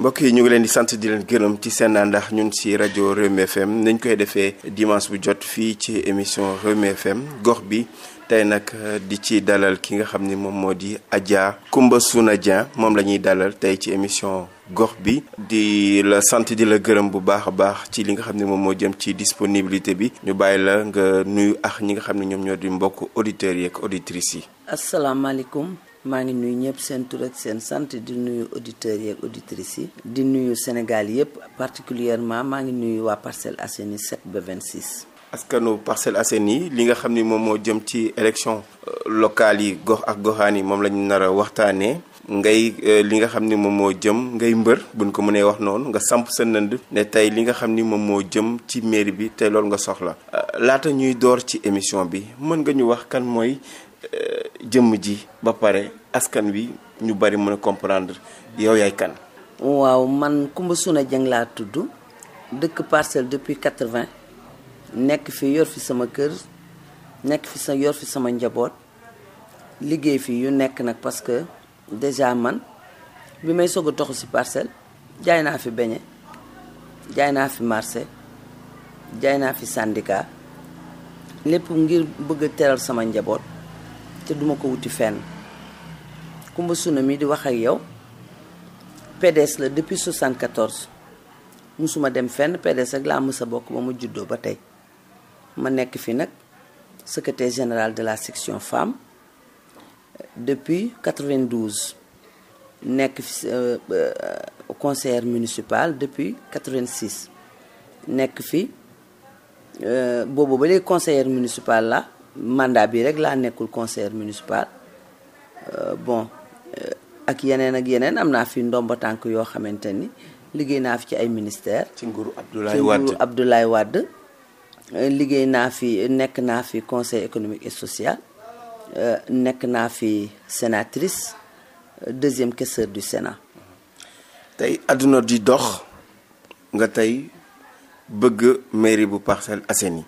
mbokk yi ñu ngi leen di sant di leen gërëm ci seen ndax ñun si rajo Rewmi FM nañ koy defee dimanche bu jot fii ci émission Rewmi FM gox bi tey nag euh, di ci dalal ki nga xam ni moom moo di Adja Coumba Souna Dieng moom la ñuy dalal tey ci émission gox bi di la sant di la gërëm bu baax a baax ci li nga xam ne moom moo jëm ci disponibilité bi ñu bàyyi la nga nuyu ak ñi nga xam ne ñoom ñoo di mbokk auditeurs yeeg auditrices yi. asalaamaaleykum. maa ngi nuyu ñëpp seen tur ak seen sant di nuyu auditeurs yi ak auditrices yi di nuyu Sénégal yëpp particulièrement maa ngi nuyu waa Parcelles Assainies 7 ba 26 askanu Parcelles Assainies yi li nga xam ni moom moo jëm ci élection euh, locale yi gox ak goxaan yi moom la ñu nar waxtaanee ngay euh, li nga xam ni moom moo jëm ngay mbër buñ ko mënee wax noonu nga samp sa nënd ne tey li nga xam ni moom moo jëm ci mairie bi tey loolu nga soxla euh, laata ñuy door ci émission bi mën nga ñu wax kan mooy jëmm ji ba pare askan wi ñu bari mën a comprendre yow yaay kan. waaw man Kumba Suna Jeng laa tudd dëkk parcelle depuis quatre vingt nekk fi yor fi sama kër nekk fi sa yor fi sama njaboot liggéey fi yu nekk nag parce que déjà man bi may soog a toxu ci parcelle jaay naa fi beñe jaay naa fi marché jaay naa fi syndicat lépp ngir bëgg a teral sama njaboot. te duma ko wuti fenn Coumba Suna mi di wax ak yow PDS la depuis 74 musuma dem fenn PDS rek la mës a bokk ba ma juddoo ba tey ma nekk fi nag secretaire général de la section femme depuis 92 nekk fi euh, euh, conseillère municipal depuis 86 nekk fi euh, boobu ba léegi conseillère municipal la mandat bi rek laa nekkul conseil municipal euh, bon euh, ak yeneen ak yeneen am naa fi ndomba tànk yoo xamante ni liggéey naa fi ci ay ministères. ci nguuru Abdoulaye Wade euh, liggéey naa fi nekk naa fi conseil économique et social nekk naa fi sénatrice deuxième questeur du Sénat. tey àdduna di dox nga tey bëgg mairie bu Parcelles Assainies.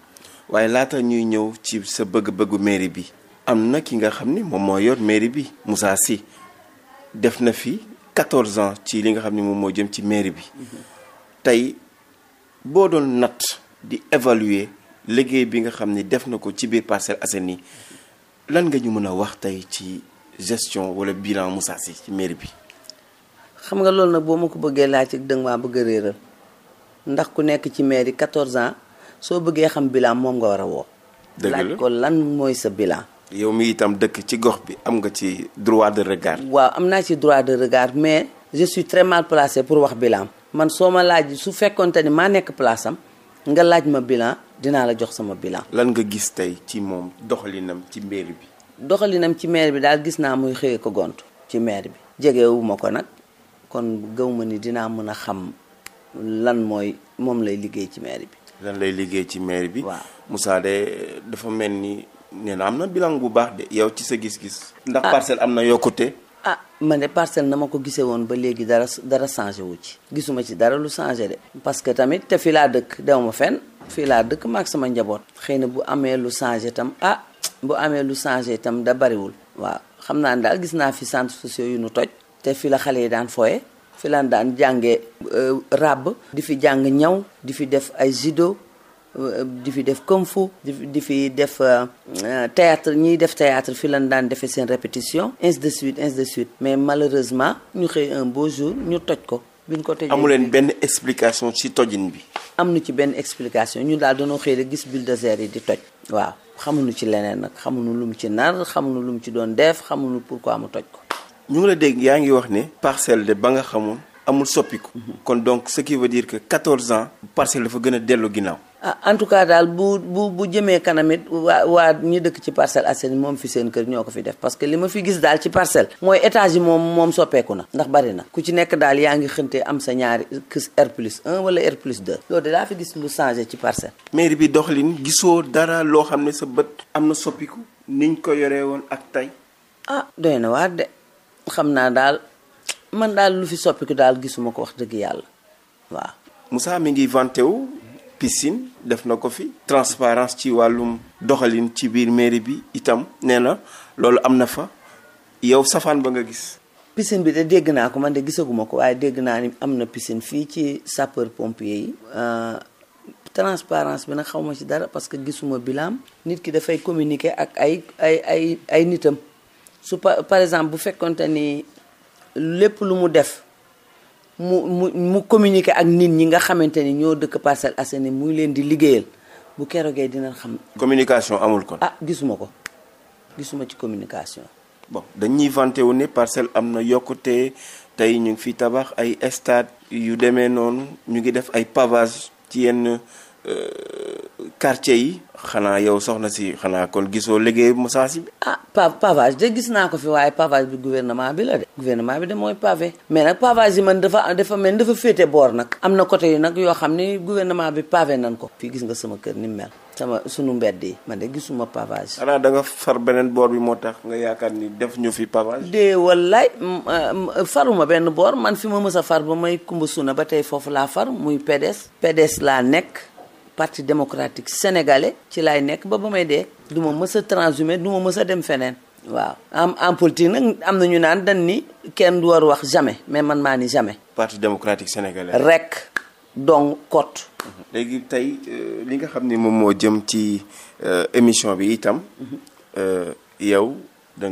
waaye laata ñuy ñëw ci sa bëgg-bëggu mairie bi am na ki nga xam ni moom moo yor mairie bi Moussa Sy def na fi 14 ans ci li nga xam ni moom moo jëm ci mairie bi tey boo doon natt di évaluer liggéey bi nga xam ni def na ko ci biir Parcelles ni lan nga ñu mën a wax tey ci gestion wala bilan Moussa Sy ci mairie bi. xam nga loolu nag boo ma ko bëggee laa ci dëng maa bëgg réeral ndax ku nekk ci mairie 14 ans soo bëggee xam bilaam moom nga war a woo. laaj ko lan mooy sa bilan. yow mi itam dëkk ci gox bi am nga ci droit de regard. waaw am naa ci droit de regard mais je suis très mal placé pour wax bilaam man soo ma laaj su fekkonte ni maa nekk place am nga laaj ma bilan dinaa la jox sama bilan. lan nga gis tey ci moom doxalinam ci mairie bi. doxalinam ci maire bi daal gis naa muy xëyee ko gont ci maire bi jegewuma ko nag kon gëw ma ni dinaa mën a xam lan mooy moom lay liggéey ci maire bi lan lay liggéey ci maire bi. waaw Moussa de dafa mel ni nee na am na bilan bu baax de yow ci sa gis-gis. ndax ah. parcelle am na yokkute. ah man de parcelle na ma ko gisee woon ba léegi dara dara changé wu ci. gisuma ci dara lu changé de. parce que tamit te fii laa dëkk dew ma fenn fii laa dëkk maak sama njaboot. xëy na bu amee lu changé tam ah bu amee lu changé tam da bariwul. waaw xam naa ne daal gis naa fi centres sociaux yu nu toj. te fii la xale yi daan fooye fi laan daan jànge euh, ràbb di fi jàng ñaw di fi def ay judo euh, di fi def kung fu di fi def euh, théâtre ñiy def théâtre fi lan daan defee seen répétition ainsi de suite ainsi de suite mais malheureusement ñu xëy un beau jour ñu toj ko biñ ko tëjee amu leen benn explication ci tojin bi am na ci benn explication ñu daal dañoo xëy rek gis bulldozer yi di toj waaw xamuñu ci leneen nag xamuñu lu mu ci nar xamuñu lu mu ci doon def xamuñu pourquoi mu toj ko ñu ngi la dégg yaa ngi wax ne parcelle de ba nga xamoon amul soppiku. Mhm. kon donc ce qui veut que 14 ans parcelle dafa gën a dellu ginnaaw. ah en tout cas daal bu bu bu jëmee kanamit waa waa ñu dëkk ci Parcelles Assainies moom fi seen kër ñoo ko fi def parce que li ma fi gis daal ci parcelle. mooy étage moom moom soppeeku na ndax bari na ku ci nekk daal yaa ngi xëntee am sa ñaari kës R plus 1 wala R plus 2 loolu de daa fi gis lu changé ci parcelle. mairie bi doxalin gisoo dara loo xam ne sa bët am na soppiku niñ ko yoree woon ak tey. Ah, xam naa daal man daal lu fi soppiku daal gisuma ko wax dëgg yàlla waa Moussa mi ngi vanté wu piscine def na ko fi transparence ci wàllum doxalin ci biir mairie bi itam nee na loolu am na fa yow safaan ba nga gis. piscine bi de dégg naa ko man de gisaguma ko waaye dégg naa ni am na piscine fii ci sapeur pompier yi. Euh, transparence bi nag xaw ma ci dara parce que gisuma bilaam nit ki dafay communiquer ak ay ay ay ay nitam. su par par exemple bu fekkonte ni lépp lu mu def mu mu mu communiquer ak nit ñi nga xamante ni ñoo dëkk Parcelles Assainies mu ngi leen di liggéeyal bu keroogee dina xam. communication amul kon. ah gisuma ko gisuma ci communication. bon dañuy vanté wu ne parcelle am na yokkute tey ñu ngi fi tabax ay stade yu demee noonu ñu ngi def ay pavage ci yenn. Euh, quartier yi. xanaa yow soxna si xanaa kon gisoo liggéey Moussa si bi. ah pa pavage de gis naa ko fi waaye pavage bi gouvernement bi la de. gouvernement bi de mooy pavé. mais nag pavage yi man dafa dafa mel dafa féete boor nag. am na côté nag yoo xam ni gouvernement bi pavé nan ko. fii gis nga sama kër ni mel. sama sunu mbedd yi man de gisuma pavage. xanaa da nga far beneen boor bi moo tax nga yaakaar ni def ñu fi pavage. de wallaay faruma benn boor man fi ma mës a far ba may kumba suna ba tey foofu laa far muy PDS. PDS laa nekk. parti démocratique sénégalais ci laay nekk ba ba may dee du ma mës a transhumé du ma mës a dem feneen waaw am en politique nag am na ñu naan dañ ni kenn du war wax jamais mais man maa ni jamais. parti démocratique sénégalais. rek donc kot. Mhm. léegi tey euh, li nga xam ni moom moo jëm ci euh, émission bi itam. Mhm. Euh, yow da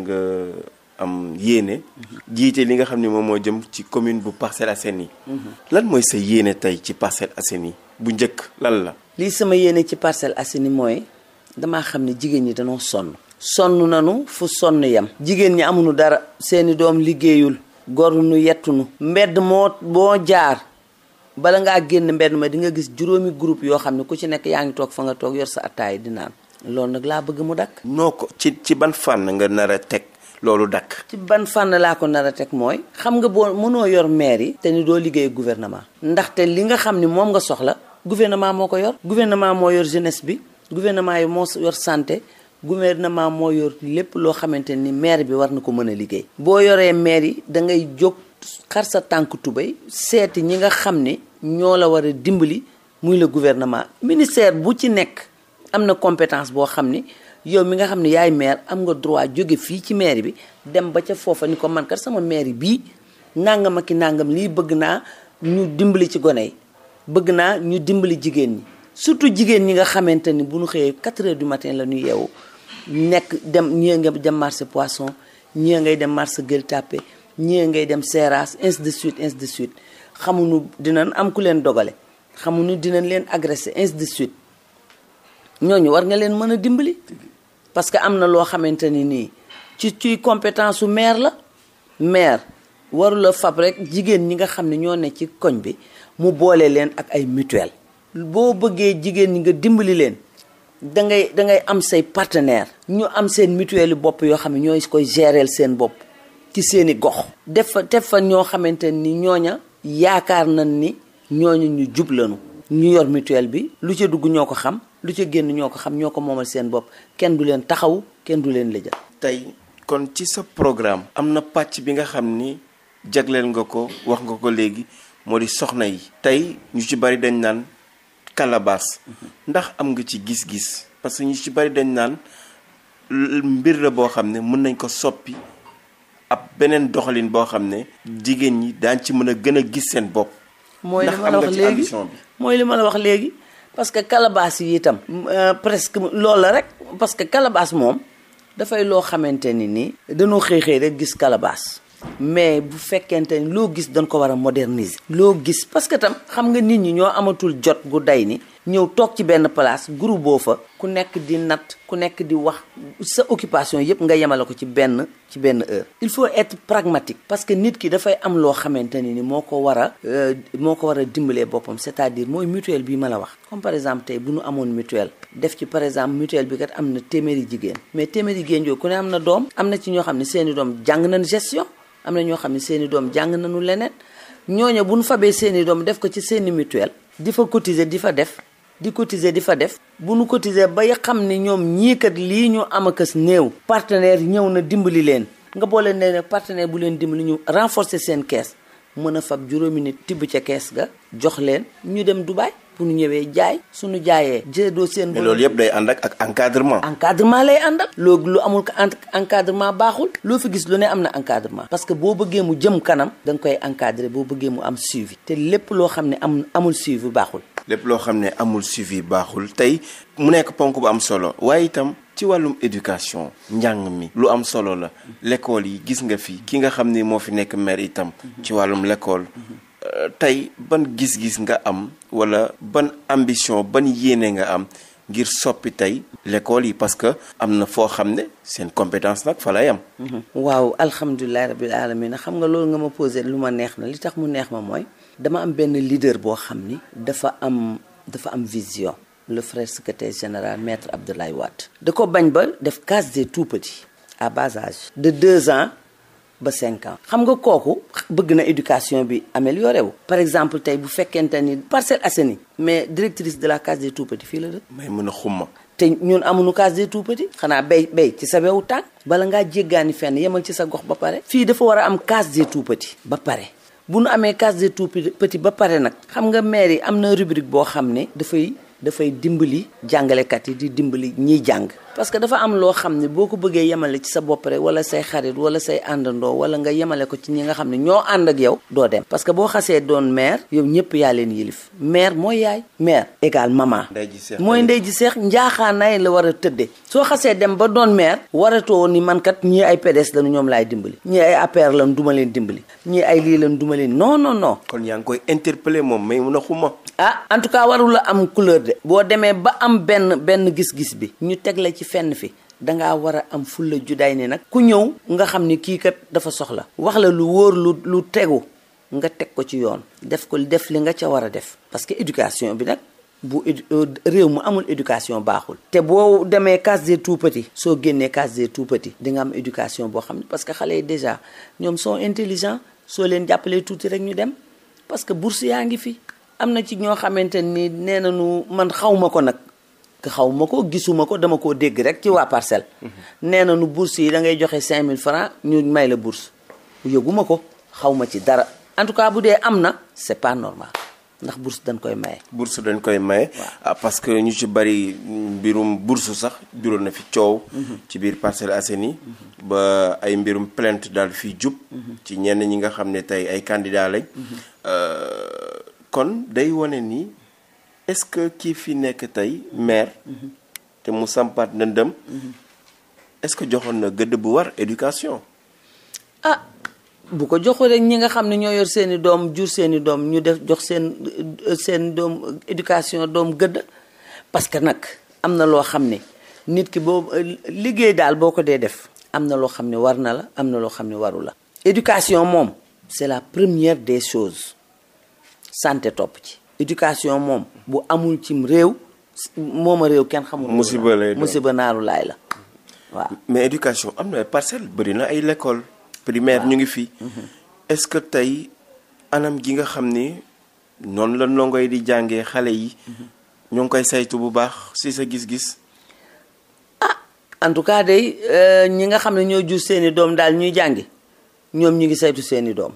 am yéene. Mhm. jiite li nga xam ni moom moo jëm ci commune bu Parcelles Assainies. lan mooy sa yéene tey ci Parcelles Assainies bu njëkk lan la. lii sama yéene ci Parcelles Assainies mooy damaa xam ne jigéen ñi danoo sonn sonn nanu fu sonn yam jigéen ñi amuñu dara seeni doom liggéeyul gorunu yettunu mbedd moo boo jaar bala ngaa génn mbedd ma di nga gis juróomi groupe yoo xam ne ku ci nekk yaa ngi toog fa nga toog yor sa attaay di naan loolu nag laa bëgg mu dakk noo ko ci ci ban fànn nga nar a teg loolu dakk ci ban fànn laa ko nar a teg mooy xam nga boo mënoo yor maire yi te ni doo liggéey gouvernement ndaxte li nga xam ni moom nga soxla gouvernement moo ko yor gouvernement moo yor jeunesse bi gouvernement yi moo yor santé gouvernement moo yor lépp loo xamante ni maire bi war na ko mën a liggéey boo yoree maire yi da ngay jóg xar sa tànk tubéy seeti ñi nga xam ni ñoo la war a dimbali muy la gouvernement ministère bu ci nekk am na compétence boo xam ni yow mi nga xam ne yaay maire am nga droit jóge fii ci maire bi dem ba ca foofa ni ko man kat sama maire bii nangam ak ki nangam lii bëgg naa ñu dimbali ci gone yi bëgg naa ñu dimbali jigéen ñi surtout jigéen ñi nga xamante ni bu ñu xëyee 4 heures du matin la ñu yeewu nekk dem ñii nga dem marché poisson ñii ngay dem marché Gueule Tapée ñii ngay dem Seras ainsi de suite ainsi de suite xamuñu dinañ am ku leen dogale xamuñu dinañ leen agressé ainsi de suite ñooñu war nga leen mën a dimbali parce que am na loo xamante ni nii ci ci compétence su maire la maire warula fab rek jigéen ñi nga xam ne ñoo ne ci koñ bi mu boole leen ak ay mutuelle boo bëggee jigéen ñi nga dimbali leen dangay dangay am say partenaire ñu am seen mutuelle bopp yoo xam ne ñooy koy géreel seen bopp ci seeni gox def fa def fa ñoo xamante ni ñooña yaakaar nañ ni ñooñu ñu jub lañu ñu yor mutuelle bi lu ca dugg ñoo ko xam lu ca génn ñoo ko xam ñoo ko moomal seen bopp kenn du leen taxaw kenn du leen lëjal tey kon ci sa programme am na pàcc bi nga xam ni jagleel nga ko wax nga ko léegi moo di soxna yi tey ñu ci bari dañ naan calebasse ndax am nga ci gis-gis parce que ñu ci bari dañ naan mbir la boo xam ne mën nañ ko soppi ab beneen doxalin boo xam ne jigéen ñi daan ci mën a gën a gis seen bopp. mooy li ma la wax léegi mooy li ma la wax léegi parce que calebasse yi itam. Euh, presque loolu la rek parce que calebasse moom dafay loo xamante ni nii. dañoo xëy xëy rek gis calebasse. mais bu fekkente ni loo gis dañ ko war a moderniser. loo gis parce que tam xam nga nit ñi ñoo amatul jot gu day ni ñëw toog ci benn place groupe boo fa ku nekk di nat ku nekk di wax sa occupation yépp nga yemale ko ci benn ci benn heure il faut être pragmatique parce que nit ki dafay am loo xamante ne ni moo ko war a euh, moo ko war a dimble boppam c'est-à-dire mooy mutuelle bi ma la wax comme par exemple tey bu nu amoon mutuelle def ci par exemple mutuel bi kat am na téeméeri jigéen mais téeméeri jigéen yooyu ku ne am na doom am na ci ñoo xam ne seeni doom jàng nañ gestion am na ñoo xam ne seen i doom jàng nañu leneen ñooñu bu ñu fabee seen i doom def ko ci seen i mutuelle di fa cotiser di fa def di cotiser di fa def bu nu cotiser ba xam ne ñoom ñii kat lii ñu am akas néew. partenaire ñëw na dimbali leen nga boole ne nag partenaire bu leen dimbali ñu renforcer seen kees. mën a fab juróomi nit tibb ca kees ga jox leen ñu dem Dubaay pour ñu ñëwee jaay su suñu jaayee jëdoo seen mais loolu yëpp day ànd ak ak encadrement encadrement lay ànd ak loolu lu amul ko encadrement baaxul loo fi gis lu ne am na encadrement parce que boo bëggee mu jëm kanam da koy encadrer boo bëggee mu am suivi te lépp loo xam ne am amul suivi baaxul lépp loo xam ne amul suivi baaxul tey mu nekk ponk bu am solo waaye itam ci wàllum éducation njàng mi lu am solo la lekkool yi gis nga fi ki nga xam ni moo fi nekk maire itam ci wàllum l'école euh, tey ban gis-gis nga am wala ban ambition ban yéene nga am ngir soppi tey lekkool yi parce que am na foo xam ne seen compétence nag fa lay am. waaw alhamdulilah rabil alamin xam nga loolu nga ma posé lu ma neex na li tax mu neex ma mooy. dama am benn leader boo xam ni dafa am dafa am vision le frère secrétaire général maître Abdoulaye Wade da ko bañ ba def case des tout petits à bas de deux ans ba cinq ans xam nga kooku bëgg na éducation bi amélioré wu par exemple tey bu fekkente ni Parcelles Assainies mais directrice de la case des tout petits fii la dëkk may mën a xumma te ñun amuñu case des tout petits xanaa béy béy ci sa wewu tànk bala ngaa jéggaani fenn yemal ci sa gox ba pare fii dafa war a am case des tout ba pare bu nu amee case des tout-petits ba pare nag xam nga maire yi am na rubrique boo xam ne dafay dafay dimbali jàngalekat yi di dimbali ñiy jàng parce que dafa am loo xam ne boo ko bëggee yemale ci sa bopp rek wala say xarit wala say àndandoo wala nga yemale ko ci ñi nga xam ne ñoo ànd ak yow doo dem parce que boo xasee doon mère yow ñëpp yaa leen yilif mère mooy yaay mère égal maman mooy ndey ji seex njaaxaanaay la war a tëdde soo xasee dem ba doon mère waratoo ni mankat ñii ay PDS lañu ñoom laay dimbali ñii ay APR lañu duma leen dimbali ñii ay lii lañu duma leen non non non kon yaa ngi koy interpellé moom mais mun a xuma ah en tout cas warula am couleur boo demee ba am benn benn gis-gis bi ñu teg la ci fenn fi dangaa war a am fulla judaay ne nag ku ñëw nga xam ni kii kat dafa soxla wax la lu wóor lu lu tegu nga teg ko ci yoon def ko def li nga ca war a def parce que éducation bi nag bu euh, réew mu amul éducation baaxul te boo demee case des tout-petits soo génnee case des tout-petits di nga am éducation boo xam ne parce que xale yi déjà ñoom soo intelligents soo leen jàppalee tuuti rek ñu dem parce que bourse yaa ngi fi am na ci ñoo xamante ni nee nañu man xaw ma ko nag xaw ma ko gisuma ko dama koo dégg rek ci waa parcelle. nee na nu bourse yi da ngay joxe 5000 francs ñu may la bourse yëguma ko xaw ma ci dara en tout cas bu dee am na c'est pas normal ndax bourse dañ koy maye. bourse dañ koy maye. Ah, parce que ñu ci bari mbirum bourse sax jural na fi coow. Mhm. ci biir Parcelles Assainies mhm. ba ay mbirum plainte daal fi jub. Mhm. ci ñenn ñi nga xam ne tey ay candidats lañ. Euh, kon day wane ni est-ce que kii fi nekk tey maire. Mhm. te mu sampaat ndëndëm. Mhm. est-ce que joxoon na gëdd bu war éducation. ah bu ko joxu ñi nga xam ne ñoo yor seeni doom jur seeni doom ñu def jox seen euh, seen doom éducation doom gëdd parce que nag am na loo xam ne nit ki boo euh, liggéey daal boo ko dee def. am na loo xam ne war na la am na loo xam ne waru la. éducation moom c'est la première des chose santé topp ci éducation moom bu amul cim réew moom a réew kenn xamul. musiba lay musiba naaru laay la waaw. mais éducation am na ay parcelles na ay lekkool primaire ñu ngi fi. Mhm. est-ce que tey anam gi nga xam ni noonu la ndongo yi di jàngee xale yi. Mhm. ñoo ngi koy saytu bu baax si sa gis-gis. ah en tout cas day euh, ñi nga xam ne ñoo jur seeni doom daal ñuy jàngi ñoom ñu ngi saytu seeni doom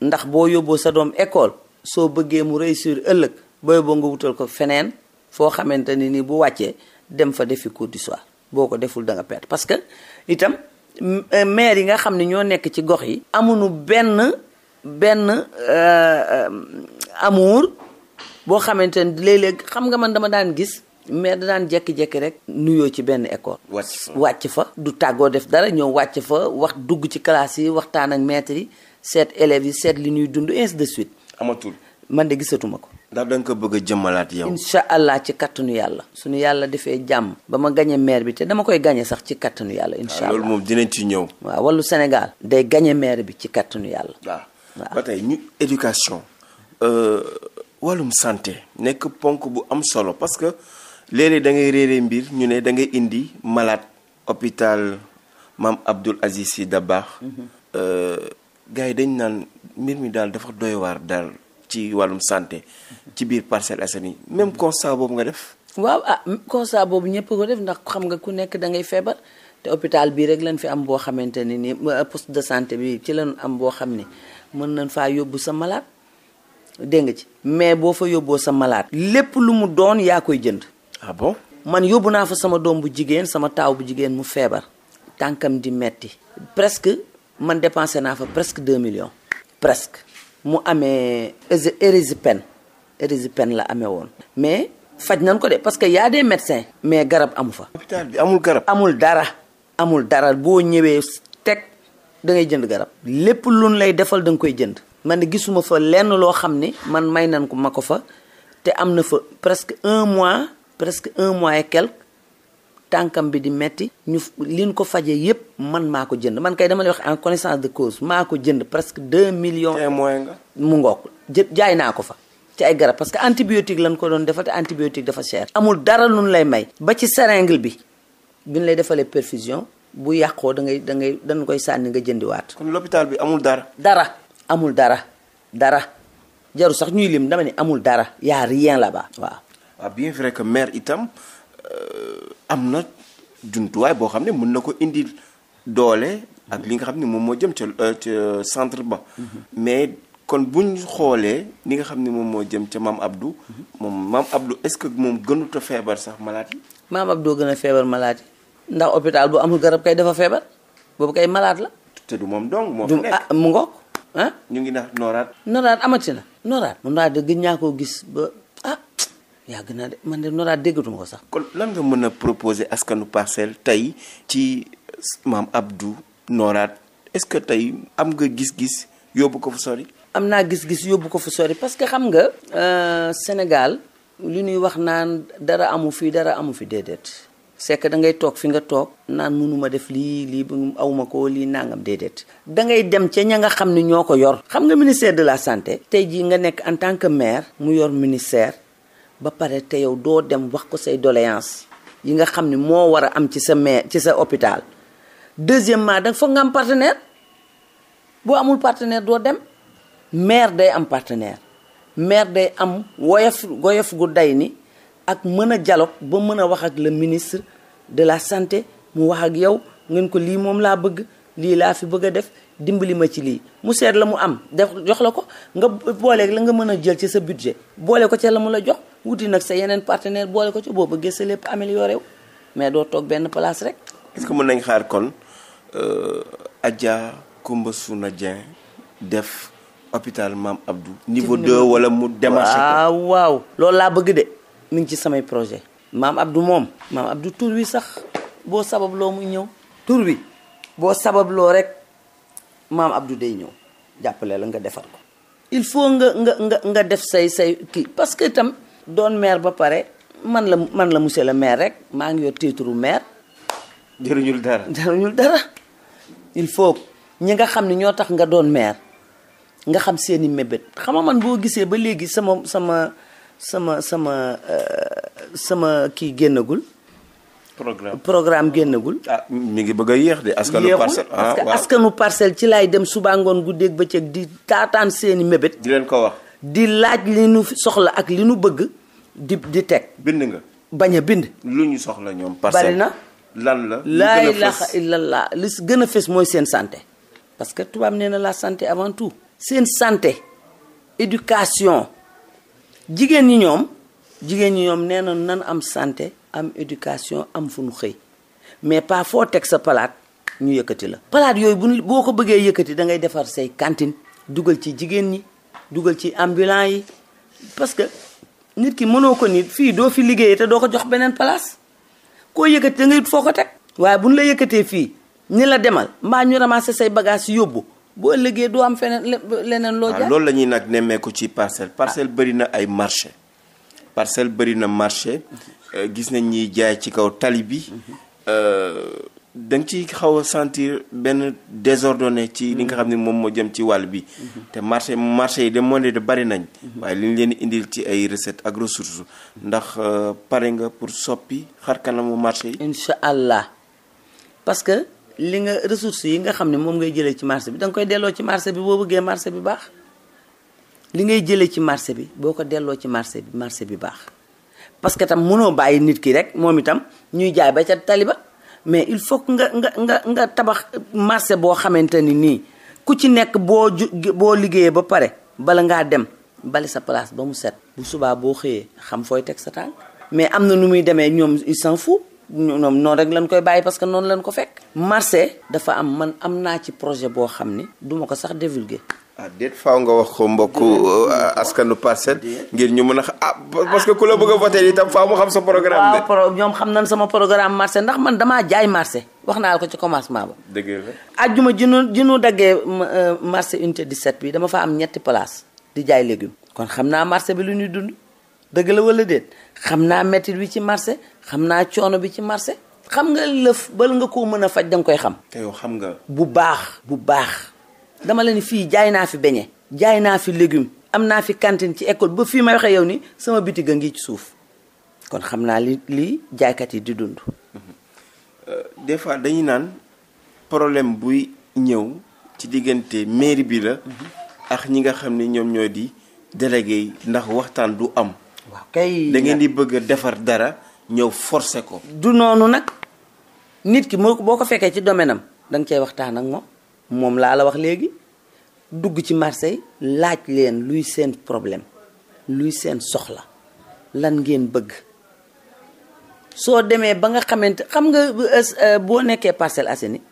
ndax boo yóbboo sa doom école. soo bëggee mu réussir ëllëg booy boo nga wutal ko feneen foo xamante ni nii bu wàccee dem fa defi cours du soir boo ko deful da nga perte parce que itam maire yi nga xam ne ñoo nekk ci gox yi amuñu benn benn euh, amour boo xamante ni léeg xam nga man dama daan gis maire da daan jekki-jekki rek nuyoo ci benn école wàcc fa du tàggoo def dara ñëw wàcc fa wax dugg ci classe yi waxtaan ak maître yi seet élèves yi seet li ñuy dund ainsi de suite amatul. man de gisatuma ko. ndax danga ko bëgg a jëmmalaat yow. incha allah ci kattanu yàlla. suñu yàlla defee jàmm. ba ma gañe mair bi te dama koy gañe sax ci kattanu yàlla. Ah, incha allah loolu moom dinañ ci ñëw. waaw wàllu senegal day gañe maire bi ci kattanu yàlla. waaw ba tey ñu éducation. Euh, wàllum santé nekk ponk bu am solo parce que léeg-léeg da ngay réere mbir ñu ne da ngay indi malade hôpital maam Abdoul Aziz Sy Dabakh. Mhm. Euh, gars yi dañ naan mbir mi daal dafa doy waar daal ci wàllum santé ci biir Parcelles yi même constat boobu nga def. waaw ah constat boobu ñëpp ko def ndax xam nga ku nekk dangay feebar te hôpital bii rek lañ fi am boo xamante ne ni post de santé bii ci lan am boo xam ne mën nañ faa yóbbu sa malade dégg nga ci mais boo fa yóbboo sa malaat lépp lu mu doon yaa koy jënd. ah bon man yóbbu naa fa sama doom bu jigéen sama taaw bu jigéen mu feebar. tànkam di metti presque man dépensé naa fa presque 2 millions. presque mu amee érésipène érésipène la amee woon. mais faj nañ ko de parce que y a des médecins. mais garab amu fa. hôpital bi amul garab. amul dara amul dara boo ñëwee teg da ngay jënd garab. lépp luñ lay defal da nga koy jënd. man ne gisuma fa lenn loo xam ni man may nañ ko ma ko fa te am na fa presque un mois presque un mois et quelque. tànkam bi di metti ñu liñ ko fajee yépp man maa ko jënd man kay dama lay wax en connaissance de cause maa ko jënd presque 2 millions. témoin nga mu ngoog jë jaay naa ko fa. ci ay garab parce que antibiotique lañ ko doon defal te antibiotique dafa cher. amul dara lu ñu lay may. ba ci seringue bi bi nu lay defalee perfusion bu yàqoo da ngay da ngay dañu koy sànni nga jëndiwaat. kon l'hôpital bi amul dara. dara amul dara dara jaru sax ñuy lim dama ne amul dara yaa a rien là Euh, am na jumtuwaay boo xam ne mën na ko indi doole ak li nga xam ne moom moo jëm ca euh, ca centre ba mm-hmm. mais kon buñ xoolee li nga xam ne moom moo jëm ca maam Abdou mm-hmm. moom maam Abdou est-ce que moom gënut a feebar sax malaat yi maam Abdou gën a feebar malaat yi ndax hôpital bu amul garab kay dafa feebar boobu kay malaat la te du moom dong moo fi ah, mu ngoog ah ñu ngi naan nooraat nooraat amati na nooraat mun naa ñaa koo gis ba ah yàgg na de man de noraat déggatuma ko sax. kon lan nga mën a proposer askanu parcelle tey ci maam Abdou noraat est-ce que tey am nga gis-gis yóbbu ko fu sori. am naa gis-gis yóbbu ko fu sori parce que xam nga. Euh, Sénégal li nuy wax naan dara amu fii dara amu fi déedéet. c'est que da ngay toog fi nga toog naan mënuma def lii lii bu awma ko lii nangam déedéet da ngay dem ca ña nga xam ni ñoo ko yor xam nga ministère de la santé tey jii nga nekk en tant que maire mu yor ministère ba pare te yow doo dem wax ko say doléance yi nga xam ni moo war a am ci sa mai ci sa hôpital deuxièmement daf foog nga am partenaire boo amul partenaire doo dem maire day am partenaire maire day am woyof woyof gu day ni ak mën a dialogue ba mën a wax ak le ministre de la santé mu wax ak yow ngeen ko lii moom laa bëgg lii laa fi bëgg a def dimbali ma ci lii mu seet la mu am def jox la ko nga booleeg la nga mën a jël ci sa budget boole ko ca la mu la jox wuti nag sa yeneen partenaire boole ko ci boo bëggee sa lépp amélioré mais doo toog benn place rek. est-ce que mën nañ xaar kon euh, Adja Kumba Suna Dieng def hôpital Maam Abdou. niveau 2 wala mu démarché ko waaw loolu laa bëgg de mi ngi ci samay projet Maam Abdou moom. Maam Abdou tur wi sax boo sababloo muy ñëw. tur wi boo sababloo rek Maam Abdou day ñëw jàppale la nga defar parce que itam. doon maire ba pare man la man la monsieur le maire rek maa ngi yor titre maire. jëruñul dara jëruñul dara. il faut ñi nga xam ni ñoo tax nga doon maire nga xam seeni mébét xama man boo gisee ba léegi sama sama sama sama euh, sama kii génnagul. programme programme génnagul. ah mi ngi bëgg a yéex de. askanu parcelle ah waaw askanu parcelle ci lay dem suba ngoon ba bëccëg di taataan seeni mébét. di leen ko wax. di laaj li nu soxla ak li nu bëgg di di teg. bind nga. bañ a bind. lu ñu soxla ñoom. bari na lan la. laa ilaha illallah gën a fës mooy seen santé. parce que tubaab nee na la santé avant tout. seen santé éducation jigéen ñi ñoom jigéen ñi ñoom nee na nan am santé am éducation am fu nu xëy mais pas foo teg sa palaat ñu yëkkati la. palaat yooyu boo ko bëggee yëkkati da ngay defar say cantine dugal ci jigéen ñi. dugal ci ambulant yi parce que nit ki mënoo ko nit fii doo fi liggéeyee te doo ko jox beneen place koo yëkkati da foo ko teg. waaye bu ñu la yëkkatee fii ni la demal mbaa ñu ramasser say bagages yóbbu boo ëllëgee doo am feneen leneen loo ah, jaar loolu la ñuy nag nemmeeku ci parcelle ah. parcelle bëri na ay marché parcelle bëri na marché mhm. euh, gis nañ ñuy jaay ci kaw tali bi. Mhm. Euh, da nga ciy xaw a sentir benn désordonné ci li nga mm-hmm. xam ne moom moo jëm ci wàll bi mm-hmm. te marché marché yi de monde de bari nañ mm-hmm. waaye li ñu leen indil ci ay recette ak ressources ndax euh, pare nga pour soppi xar kanamu marché yi incha allah parce que li nga ressources yi nga xam ne moom ngay jëlee ci marché bi da nga koy delloo ci marché bi boo bëggee marché bi baax li ngay jëlee ci marché bi boo ko delloo ci marché bi marché bi baax parce que tam mënoo nit ki rek moom itam ñuy jaay ba ca taliba mais il faut que nga nga nga nga tabax marché boo xamante ni nii ku ci nekk boo ju boo liggéeyee ba pare bala ngaa dem bale sa place ba mu set bu subaa boo xëyee xam fooy teg sa tànk mais am na nu muy demee ñoom ils s'en fout ñoom noonu rek lañ koy bàyyi parce que noonu lañ ko fekk marché dafa am man am naa ci projet boo xam ni duma ko sax divulguer ah déet faaw nga wax ko mbokku euh, askanu parcelle ngir ñu mën a ah parce que ku la bëgg a voté itam faaw mu xam sa programme. waaw ñoom xam nañ sama programme marché ndax man damaa jaay marché wax naa la ko ci commencement ba. dëgg la ajjuma ji nu ji nu daggee euh, marché unité set bi dama fa am ñetti place di jaay légumes. kon xam naa marché bi lu ñuy dund dëgg la wala déet xam naa métti bi ci marché xam naa coono bi ci marché. xam nga lëf bal nga koo mën a faj danga koy xam. xam nga. bu baax bu baax. dama la ni fii jaay naa fi beñe jaay naa fi légume am naa fi kantine ci école ba fii ma waxee yow ni sama bitig a ngi ci suuf kon xam naa li li jaaykat yi di dund. Euh, des fois dañuy naan problème buy ñëw ci diggante mairie bi la. ak ñi nga xam ne ñoom ñoo di délégué yi ndax waxtaan du am. waaw kay ngeen di bëgg a defar dara ñëw forcer ko. du noonu nag nit ki moo boo ko fekkee ci domaine danga da nga waxtaan ak moom. moom laa la wax léegi dugg ci marché laaj leen luy seen problème luy seen soxla lan ngeen bëgg soo demee ba nga xamante xam nga euh, euh, boo nekkee Parcelles Assainies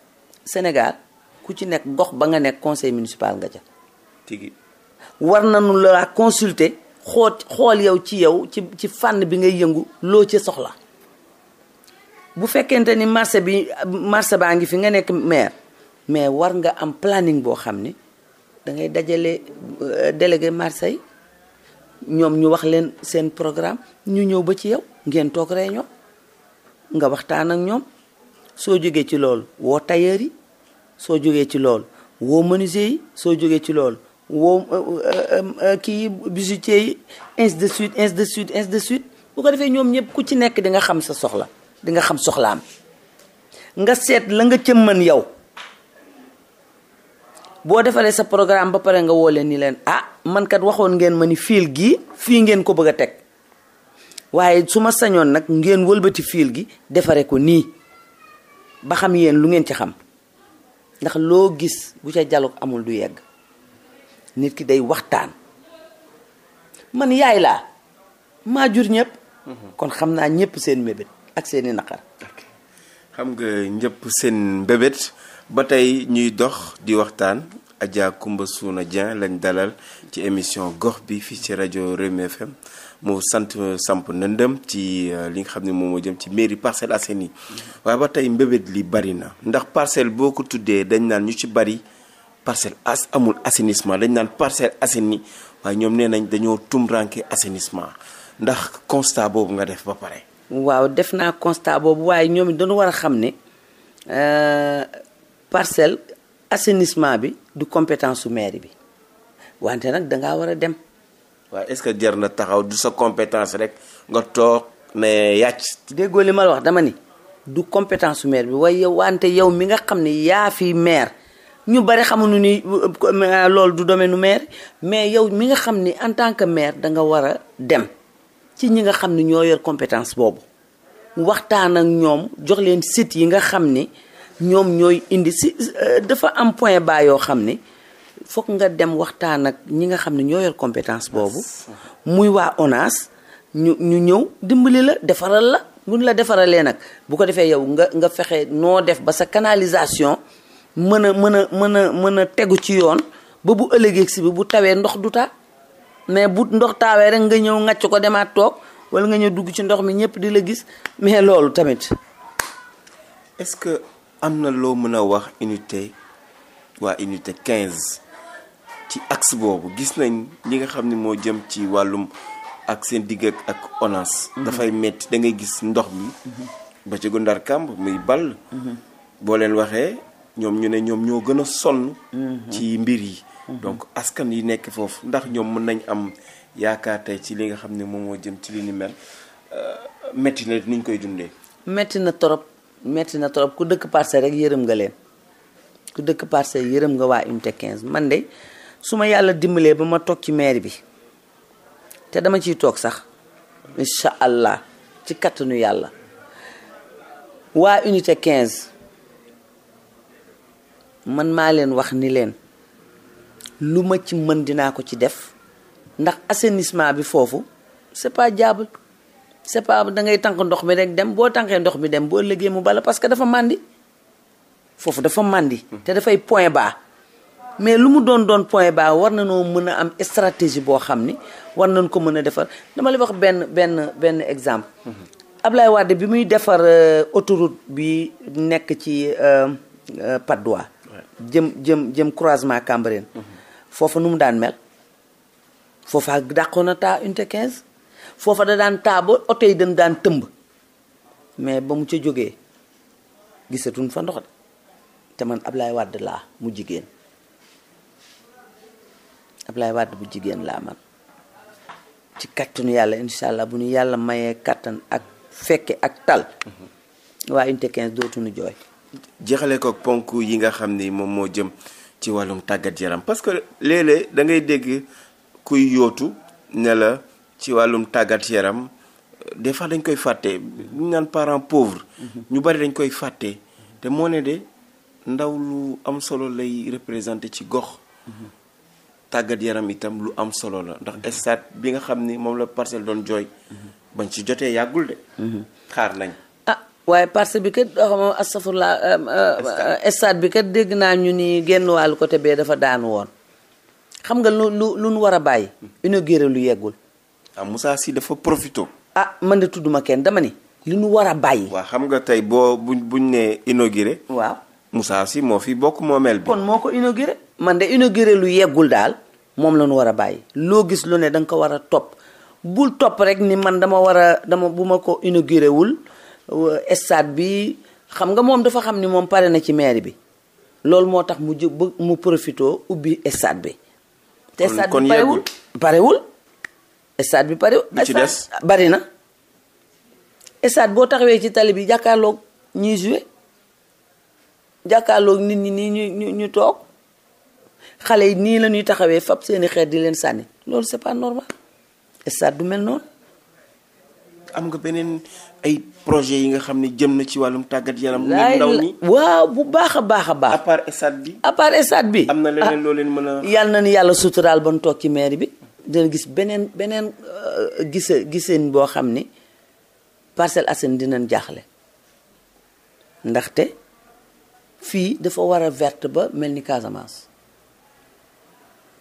Sénégal ku ci nekk gox ba nga nekk conseil municipal nga ca war nañu la consulter xoot xool yow ci yow ci ci fànn bi ngay yëngu loo ci soxla bu fekkente ni marché bi marché baa ngi fi nga nekk maire mais war nga am planning boo xam ni da ngay dajale euh, délégué Marseille ñoom ñu wax leen seen programme ñu ñëw ba ci yow ngeen toog réunion nga waxtaan ak ñoom soo jógee ci lool woo tailleur yi soo jógee ci lool woo menuisier yi soo jógee ci loolu woo euh, euh, kii bijoutier yi ainsi de suite ainsi de suite inse de suite bu ko defee ñoom ñëpp ku ci nekk di nga xam sa soxla di nga xam soxlaam nga seet la nga ca mën yow boo defaree sa programme ba pare nga woo leen ni leen ah man kat waxoon ngeen ma ni fiil gi fii ngeen ko bëgg a teg waaye su ma sañoon nag ngeen wëlbati fiil gi defaree ko nii ba xam yéen lu ngeen ci xam ndax loo gis bu ca dialogue amul du yegg nit ki day waxtaan man yaay laa maa jur ñëpp. Mhm. kon xam naa ñëpp seen mébét ak seeni naqar. xam nga ñëpp seen mbébét ba tey ñuy dox di waxtaan Adja Kumba Suuna Dieng lañ dalal ci émission gox bi fii ci rajo Rewmi FM mu sant samp nëndëm ci euh, li nga xam ne moom moo jëm ci mairie Parcelles Assainies mm-hmm. waaye ba tey mbébét li bari na ndax parcelle boo ko tuddee dañ naan ñu ci bari parcelle as amul assainissement dañ naan Parcelles Assainies waaye ñoom nee nañ dañoo tumranke assenissement ndax constat boobu nga def ba pare. waaw def naa constat boobu waaye ñoom it war a xam euh, parcelle assainissement bi du compétence su maire bi wante nag da ngaa war a dem. waa est-ce que jar na taxaw du sa compétence rek nga toog ne yàcc. déggoo li ma la wax dama ni du compétence su maire bi waaye wante yow mi nga xam ni yaa fi maire ñu bari xamuñu ni euh, loolu du domaine nu maire mais yow mi nga xam ni en tant que maire da nga war a dem ci ñi nga xam ni ñoo yor compétence boobu waxtaan ak ñoom jox leen site yi nga xam ni. ñoom ñooy indi si euh, dafa am point bas yoo xam ni foog nga dem waxtaan ak ñi nga xam ne ñoo yor compétence boobu. muy waa ONAS ñu ñu ñëw dimbali la defaral la buñ la defaralee nag bu ko defee yow nga nga fexe noo def ba sa canalisation mën a mën a mën a mën a tegu ci yoon ba bu ëllëg si bi bu tawee ndox du taa mais bu ndox taawee rek nga ñëw ngàcc ko demaat toog wala nga ñëw dugg ci ndox mi ñëpp di la gis mais loolu tamit. am na loo mën a wax unité waa unité 15 ci axe boobu gis nañ li nga xam ni moo jëm ci wàllum ak seen digg ak ONAS. Mhm. dafay metti da ngay gis ndox bi mhm. ba ci Gundar Kamb muy ball mhm. boo leen waxee ñoom ñu ne ñoom ñoo gën a sonn ci mbir yi donc askan yi nekk foofu ndax ñoom mën nañ am yaakaar tey ci li nga xam ne moom moo jëm ci li ni mel euh, métti na niñ koy dundee métti na torop metti na trop ku dëkk parce rek yërëm nga leen ku dëkk parcelle yërëm nga waa unité quinze man de su ma yàlla dimbalee ba ma toog ci mair bi te dama ciy toog sax incha allah ci kattanu yàlla waa unité 15 man maa leen wax ni leen lu ma ci mën dinaa ko ci def ndax assenisement bi foofu c'est pas c'est pas da dangay tànk ndox mi rek dem boo tànkee ndox mi dem boo ëllëgee mu bala parce que dafa màndi foofu dafa màndi te dafay point bas mais lu mu doon doon point bas war na noo mën a am stratégie boo xam ni war nañ ko mën a defar dama lay wax benn benn benn exemple mhm. Ablaye Wade bi muy defar euh, autoroute bi nekk ci euh, euh, Patte d'Oie jëm jëm jëm croisement Cambérène mhm. foofu nu mu daan mel foofa dàqoon na taa foofa da daan taa ba oto yi dañ daan tëmb mais ba mu ca jógee gisatuñ fa ndox te man Ablaye Wade laa mu jigéen lay Wade bu jigéen laa man ci kattanu yàlla incha allah bu nu yàlla mayee kàttan ak fekke ak tal mhm. waa unité 15 dootuñu jooy. jeexale ko ponk yi nga xam ni moom moo jëm ci wàllum tàggat yaram parce que léeg-léeg dégg kuy yootu ne la. ci wàllum tàggat yaram des fois dañ koy fàtte ñu naan parent pauvre ñu bari dañ koy fàtte te moo ne de ndaw lu am solo lay représenté ci gox tàggat yaram itam lu am solo la ndax stade bi nga xam ni moom la parcelle doon jooy bañ ci jotee yàggul de xaar nañ ah, waaye parce bi kat oh, astafurlaa um, uh, uh, stade bi kat dégg naa ñu ni genn wàllu côté bee dafa daan woon xam nga lu lu lu nu war a bàyyi inauguré lu yeggul ah Moussa Sy dafa profito ah man de tudduma kenn dama ni li nu war a bàyyi. waa xam nga tey boo buñ buñ nee inauguré. waaw Moussa Sy moo fi bokk moomeel bi. kon moo ko inauguré man de inauguré lu yeggul daal moom la nu war a bàyyi loo gis lu ne da nga ko war a topp bul topp rek ni man dama war a dama bu ma ko inauguré wul euh, stade bi xam nga moom dafa xam ni moom pare na ci mairie bi loolu moo tax mu jë mu profito ubbi stade bi. te stade bi parewul parewul. stade bi pare. ci des bari na. stade boo taxawee ci tali bi jàkkaarloog ñuy joué jàkkaarloog nit ñi nii ñu ñu ñu toog xale yi nii la ñuy taxawee fab seeni xeet di leen sànni loolu c'est pas normal stade du mel noonu. am nga beneen ay projet yi nga xam ne jëm na ci wàllum tàggat yaram. ñun ndaw ñi waaw bu baax a baax a baax. à part stade bi. am na leneen ah. loo leen mën a. yàlla suturaal ba nu toog ci mairie bi. dina gis beneen beneen euh, gise giseen boo xam ni Parcelles Assainies dina jaaxle ndaxte fii dafa war a vert ba mel ni Casamance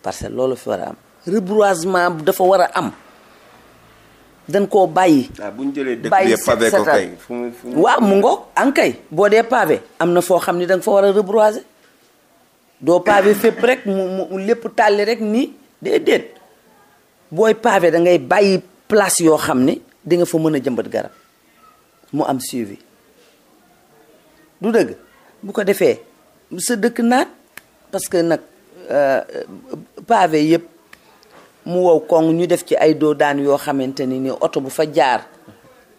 parce que loolu fi war a am reboisement dafa war a am dañ koo bàyyi. Ah, bu ñu jëlee dëkk bi pavé ko kay boo dee pavé am na foo xam ni da nga fa war a reboiser doo pavé fépp rek mu mu lépp tàlli rek nii déedéet booy pavé da ngay bàyyi place yoo xam ne di nga fa mën a jëmbat garab mu am suivi du dëgg bu ko defee sa dëkk naat parce que nag euh, pavé yëpp mu wow koŋ ñu def ci ay doo daan yoo xamante ni ni oto bu fa jaar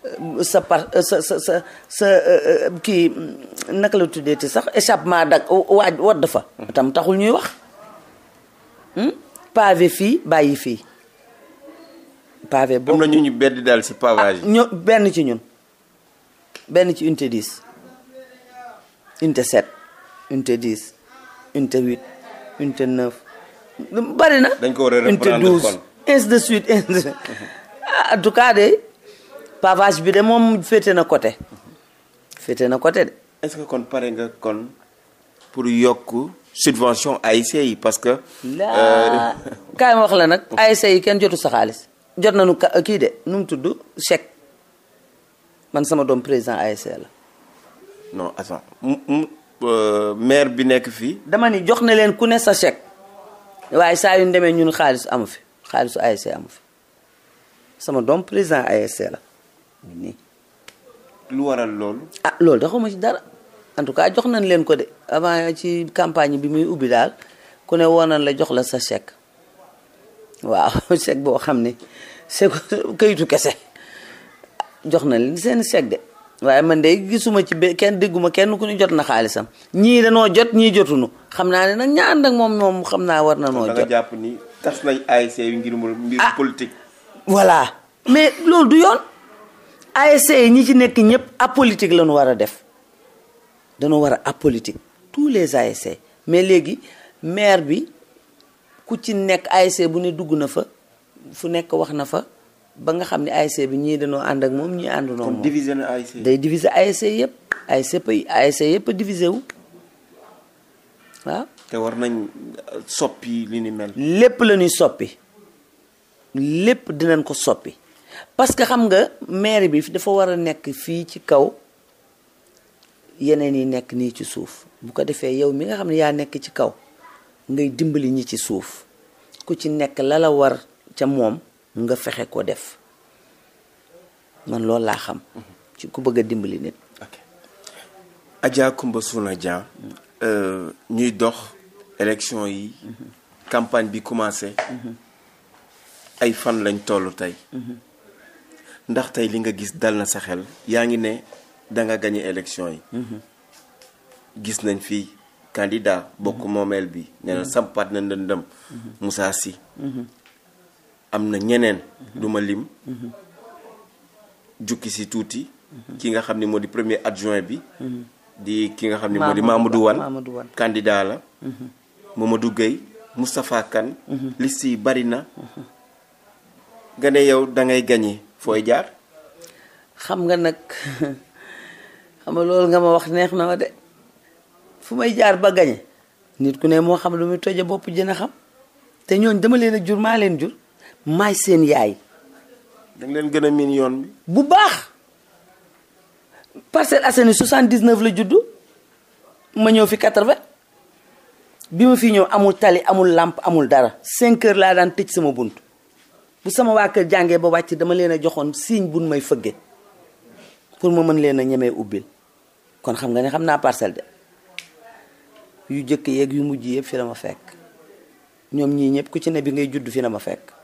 euh, sa par euh, sa sa sa kii naka la tuddeeti sax échappement dak waaj wadd fa tam taxul ñuy wax hmm? pavé fii bàyyi fii pavé. am na ñu ñu bedd daal si pavage yi. Ah, ñu benn ci ñun benn ci unité 10 unité 7 unité 10 unité 8 unité 9. bari na. dañ ko war a reprendre kon ainsi de suite de suite ah, en tout cas de pavage bi de moom féete na côté féete na côté de. est-ce que kon pare nga kon pour yokk subvention ASC yi parce que. Euh, kaay ma wax la nag ay ASC yi kenn jotu sa xaalis. jot nañu ka kii de nu mu tudd chèque man sama doom président ASC la. non attends euh, maire bi nekk fii. dama ni jox na leen ku ne sa chèque waaye saa yu ñu ñun xaalis amu fi xaalisu ASC amu fi sama doom président ASC la lu waral loolu. ah loolu da xawma ci dara en tout cas jox nañ leen ko de avant ci campagne bi muy ubbi daal ku ne woonan la jox la sa chèque waaw chèque boo xam ne c'est kayitu kese jox na leen seen chèque de waaye man de gisuma ci be kenn dégguma kenn ku ñu jot na xaalisam ñii danoo jot ñii jotunu xam naa ne nag ña ànd ak moom moom xam naa war na noo jot da ni tas nañ ASC yi ngir mbir ah. politique. voilà mais loolu du yoon ASC yi ñi ci nekk ñëpp apolitique la ñu war a def dañoo war a apolitique tous les ASC mais léegi maire bi ku ci nekk ASC bu ne dugg na fa. fu nekk wax na fa ba nga xam ne ASC bi ñii dañoo ànd ak moom ñii àndunoo moom. diviser na ASC. day diviser ASC yëpp ASC pay ASC yëpp a diviser wu te war nañ soppi li ni mel. lépp la ñuy soppi lépp dinañ ko soppi parce que xam nga maire bi dafa war a nekk fii ci kaw yeneen yi nekk nii ci suuf bu ko defee yow mi nga xam ne yaa nekk ci kaw ngay dimbali ñi ci suuf ku ci nekk la la war. ca moom nga fexe ko def man loolu laa xam ku bëgg a dimbali nit Adja Coumba Souna Dia euh, ñuy dox élection yi campagne bi commencé ay fan lañ toll tey ndax tey li nga gis dal na sa xel yaa ngi ne danga gañe élection yi gis nañ fi candidat bokk moomeel bi nee na sampaat na ndëndëm Moussa Sy am na ñeneen mhm. du ma lim mhm. jukki si tuuti ki nga xam ne moo di premier adjoint bi mhm. di ki nga xam ne moo di Mamadou Wane candidat la Mamadou Gueye Moustapha Kane liste yi bari na nga ne yow dangay ngay gañe fooy jaar xam nga nag xam nga loolu nga ma wax neex na ma de fu may jaar ba gañe nit ku ne moo xam lu muy toje bopp jën a xam te ñooñ dama leen a jur maa leen jur maay seen yaay. da leen gën a miin yoon bi. bu baax Parcelles Assainies 79 la juddu ma ñëw fi 80 bi ma fi ñëw amul tali amul làmp amul dara 5 heures laa daan tëj sama bunt bu sama waa kër jàngee ba wàcc dama leen a joxoon signe bu may fëgge pour ma mën leen a ñemee ubbil kon xam nga ne xam naa parcelle de yu jëkk yeeg yu mujj yëpp fi la ma fekk ñoom ñii ñëpp ku ci ne bi ngay juddu fi la ma fekk.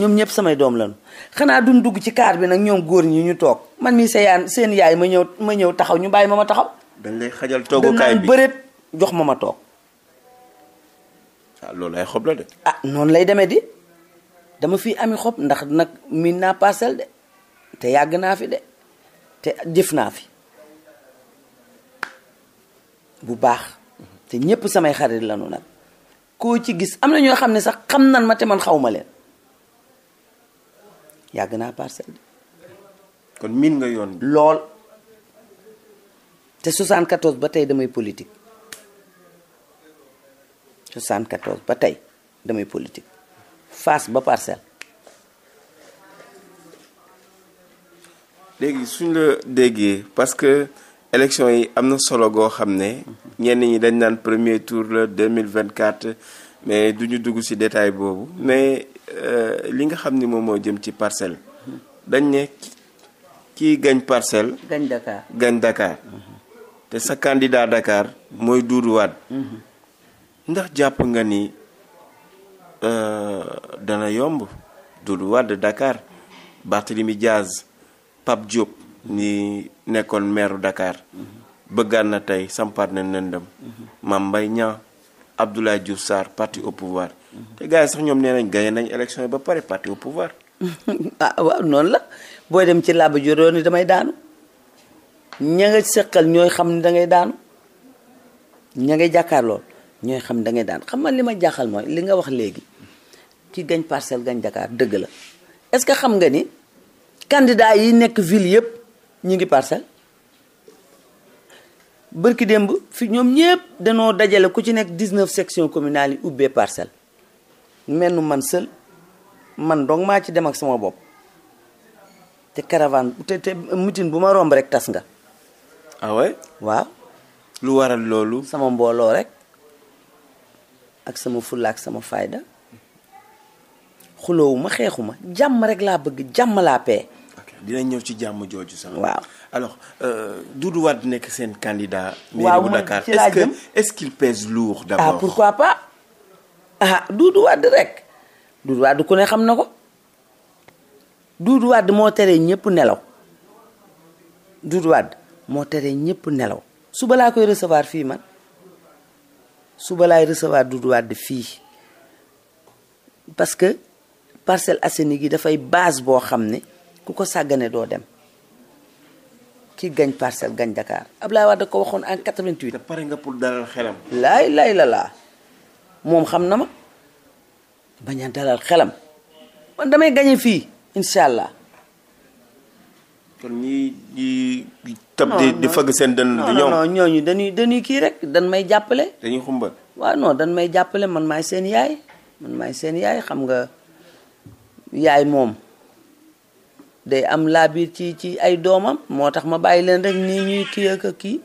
ñoom ñëpp samay doom lañu xanaa duñ dugg ci kaar bi nag ñoom góor ñi ñu toog man mii seyaan seen yaay ma ñëw ma ñëw taxaw ñu bàyyi ma ma taxaw. dañ lay xajal toogukaay bi bëreet jox ma ma toog. waaw ah, xob la ah, noonu lay demee di dama fi ami xob ndax nag miin naa paasal de te yàgg naa fi de te jëf naa fi bu baax mhm. te ñépp samay xarit lañu nag koo ci gis am na ñoo xam ne sax xam nan ma te man xaw ma leen. yàgg naa parcelle. kon miin nga yoon lool te 74 ba tey damay politique 74 ba tey damay politique face ba parcelle. léegi suñ la déggee parce que élection yi am na solo goo xam ne ñenn ñi dañ naan premier tour la 2024 mais du ñu dugg ci détail boobu mais. Euh, li nga xam ni moom moo jëm ci parcelle dañ ne kii gañ parcelle gañ Dakar te sa candidat Dakar mooy Doudou Wade ndax jàpp nga ni euh, dana yomb Doudou Wade Dakar Barthélemy Diaz Pape Diop ni nekkoon meeru Dakar bëggaan na tey sampaat na nëndam Mame Mbaye Niang Abdoulaye Diouf Sarr parti au pouvoir te gars yi sax ñoom nee nañ gagné nañ élection yi ba pare parti au pouvoir. Ah, waaw noonu la booy dem ci làmb ji doon damay daanu ña nga sëqal ñooy xam ne dangay daanu ña ngay jàkkaarlool ñooy xam ne dangay daanu xam nga li ma jaaxal mooy li nga wax léegi ci gañ parcelle gañ Dakar dëgg la est-ce que xam nga ni candidat yi nekk ville yëpp ñu ngi parcelle bërki démb fi ñoom ñëpp danoo dajale ku ci nekk 19 sections communal yi ubbee parcelle menn man seul man dong maa ci dem ak sama bopp te caravane te te mitin bu ma romb rek tas nga. ah waaw. lu waral loolu. sama mbooloo rek ak sama fulla ak sama fayda xuloowu xeexuma jàmm rek laa bëgg jàmm laa pee. dinañ ñëw ci jàmm jooju sax. waaw alors euh, Doudou Wade nekk seen candidat. waaw mairie bu Dakar est-ce que est-ce qu'il pèse lourd ah, d'abord. ah pourquoi pas. ah Doudou Wade rek Doudou ku ne xam na ko Doudou Wade moo tere ñëpp nelaw Doudou Wade moo tere ñëpp nelaw suba laa koy recevoir fii man suba laay recevoir Doudou fii parce que Parcelles Assainies gi dafay base boo xam ne ku ko sàggane doo dem ki gañ parcelle gañ Dakar Abdoulaye Wade da ko waxoon ak 88. te pare nga pour dalal xelam. laay laay la laa. moom xam na ma bañ a dalal xelam man damay gañe fii incha allah. kon ñii di tab di di fëgg seen dënn du ñoom non ñooñu dañuy dañuy kii rek dan may jàppale. dañuy xumba waaw non dan may jàppale man maay seen yaay man maay seen yaay xam nga yaay moom day am laa biir ci ci ay doomam moo tax ma bàyyi leen rek nii ñuy kii ak kii.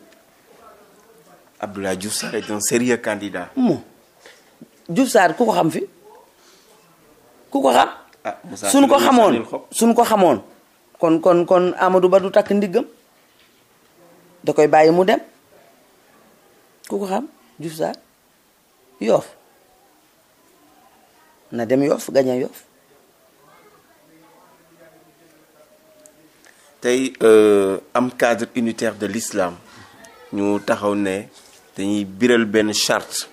Abdoulaye Diouf Sarr est un Diouf Sarr ku ko xam fi ku ko xam. Ah, suñ ko xamoon suñ ko xamoon kon kon kon Amadou Ba du takk ndiggam da koy bàyyi mu dem ku ko xam Diouf Sarr yoof na dem yoof gaña yoof tey euh, am cadre unitaire de lislaam ñu taxaw ne dañuy biral benn charte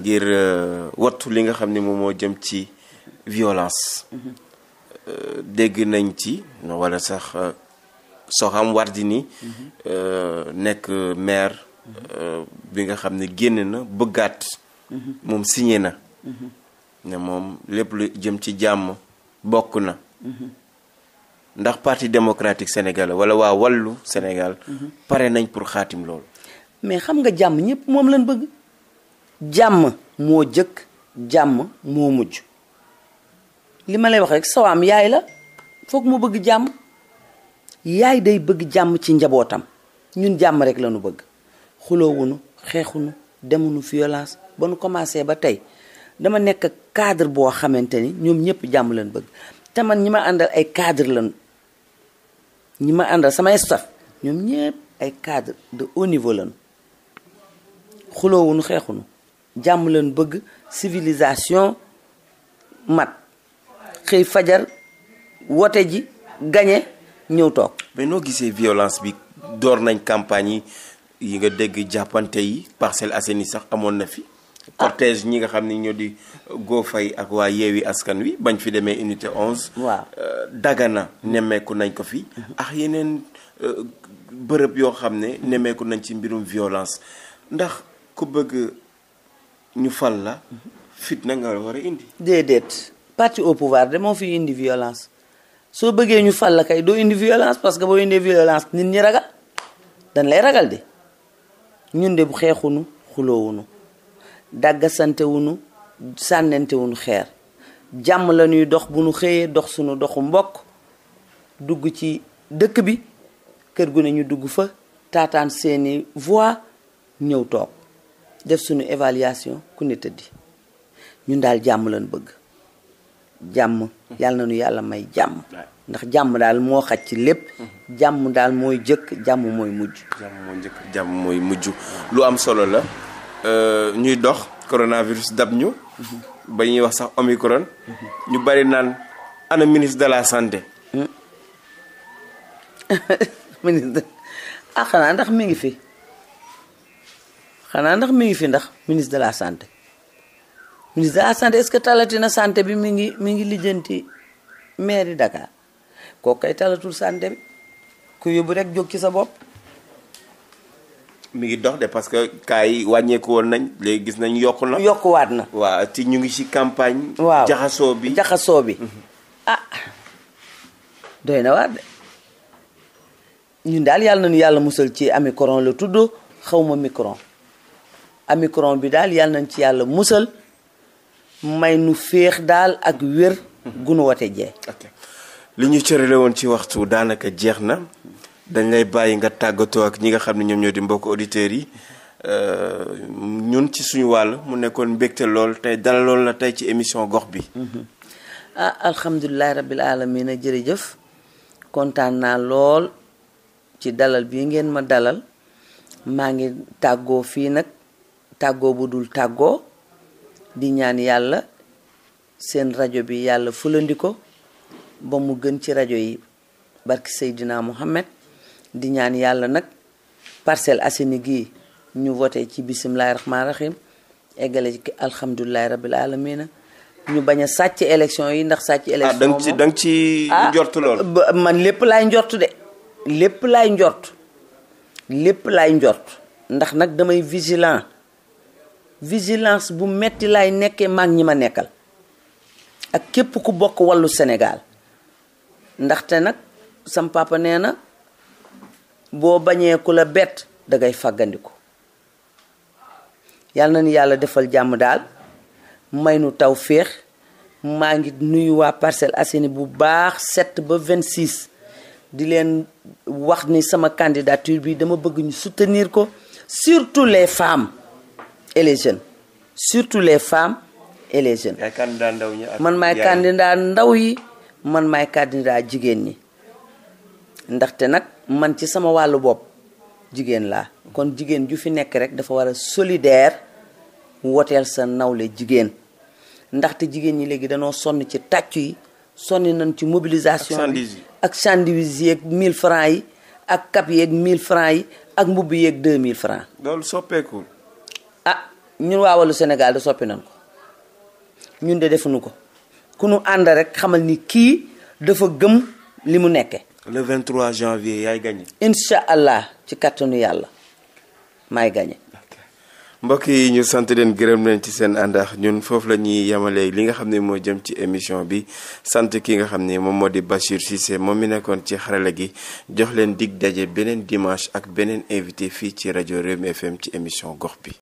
ngir euh, wattu li nga xam ni moom moo jëm ci violence. Euh, dégg nañ ci wala sax soxam euh, war Soham Wardini nekk maire bi nga xam ne génn na bëggaat. moom signé na. ne moom lépp lu jëm ci jàmm bokk na. ndax parti démocratique sénégalais wala waa wallu Sénégal. Mhm. pare nañ pour xaatim loolu. mais xam nga jàmm ñëpp moom lañ bëgg. jàmm moo jëkk jàmm moo mujj li ma lay wax rek sawaam yaay la foog mu bëgg jàmm yaay day bëgg jàmm ci njabootam ñun jàmm rek la nu bëgg xuloowunu xeexunu demunu violence ba nu commencé ba tey dama nekk cadre boo xamante ni ñoom ñëpp jàmm leen bëgg te man ñi ma àndal ay cadre lan ñi ma àndal sama staff ñoom ñëpp ay cadre de haut niveau lañu xuloowunu xeexunu jàmm leen bëgg civilisation mat xëy fajar wote ji gañe ñëw toog. mais noo gisee violence bi door nañ campagne yi nga dégg jàppante yi Parcelles Assainies sax amoon na fi. Ah. cortège ñi nga xam ne ñoo di goo fay ak waa Yewwi Askan Wi bañ fi demee unité 11. waaw euh, Dagana nemmeeku nañ ko fi. Mhm. ak yeneen euh, bërëb yoo xam ne nemmeeku nañ ci mbirum violence ndax ku bëgg. ñu fal la fit nga war a indi. déedéet parti au pouvoir de moo fi indi violence soo bëggee ñu fal la kay doo indi violence parce que boo indee violence nit ñi ragal dañ lay ragal de ñun de bu xeexunu xuloowunu dàggasante wunu xeer jàmm la ñuy dox bu nu xëyee dox sunu doxu mbokk dugg ci dëkk bi kër gu ne ñu dugg fa taataan seeni voix ñëw toog def suñu évaluation ku ne tëddi ñun daal jàmm lañ bëgg jàmm yàlla na nu yàlla may jàmm ndax jàmm daal moo xaj ci lépp mm-hmm. jàmm daal mooy jëkk jàmm mooy mujj jàmm mooy mujj lu am solo la euh, ñuy dox coronavirus dab ñu mm-hmm. ba ñuy wax sax omicron mm-hmm. ñu bari naan ana ministre de la santé mm. ministre ah, ndax mi ngi fi xanaa ndax mi ngi fi ndax ministre de la santé ministre de la santé est-ce que talati na santé bi mi ngi mi ngi lijjanti mairie Dakar kooku kay talatul santé bi ku yóbbu rek jóg ci sa bopp. mi ngi dox de parce que cas yi wàññeeku woon nañ léegi gis nañ yokku na. yokkuwaat na waaw te ñu ngi ci campagne. waaw jaxasoo bi jaxasoo bi. Mhm. ah doy na waar de ñun daal yàlla nañu yàlla musal ci ami la tudd xaw ma micron. omicron bi daal yàlla nañ ci yàlla musal may nu féex daal ak wér gunu wote jee li ñu cërale woon ci waxtu daanaka jeex na dañ lay bàyyi nga tàggatoo ak ñi nga xam ne ñoom ñoo di mbokk auditeurs yi euh, ñun ci suñu wàll mu nekkoon mbégte lool tey dalaloon la tey ci émission gox bi mm-hmm. ah alhamdulilahi rabbil alamin a jërëjëf kontaan naa lool ci dalal bii ngeen ma dalal maa ngi tàggoo fii nag tàggoo bu dul tàggoo di ñaan yàlla seen rajo bi yàlla fulandiko ba mu gën ci rajo yi barki Seydina Mohamed di ñaan yàlla nag Parcelles Assainies gi ñu vote ci bisimilahi rahmaani rahim eggale ci alhamdulilahi rabil alamina ñu bañ a sàcc élection yi ndax sàcc ah, élection da ci da ah, man lépp laay njort de lépp laay njort lépp laay njort ndax nag damay vigilant vigilance bu metti lay nekkee maag ñi ma nekkal ak képp ku bokk wallu Sénégal ndaxte nag sam nee na boo bañee ku la bett dangay fàggandiku yàlla na ni yàlla defal jàmm daal may nu taw féex maa ngi nuyu waa Parcelles Assainies bu baax set ba vingt 26 di leen wax ni sama candidature bi dama bëgg ñu soutenir ko surtout les femmes et les jeunes surtout les femmes et les jeunes. man maay candidat ndaw yi man maay candidat jigéen ñi ndaxte nag man ci sama wàllu bopp jigéen laa kon jigéen ju fi nekk rek dafa war a solidaire woteel sa nawle jigéen ndaxte jigéen ñi léegi danoo sonn ci tàccu yi sonni nañ ci mobilisation ak sandwich yeeg mille francs yi ak cap yeeg mille francs yi ak mbubb yeeg 2000 francs loolu soppeekul ah ñun waa wàllu Sénégal soppi nañ ko ñun de defuñu ko ku nu ànd rek xamal ni kii dafa gëm li mu nekke le 23 janvier yaay gagné. incha allah ci kàttanu yàlla maay gagné. mbokk yi ñu sant leen gërëm leen ci seen àndaax ñun foofu la ñuy yemalee li nga xam ne moo jëm ci émission bi sant ki nga xam ne moom moo di Bachir Cissé moom mi nekkoon ci xarala gi jox leen dig daje beneen dimanche ak beneen invité fii ci rajo mi FM ci émission gox bi.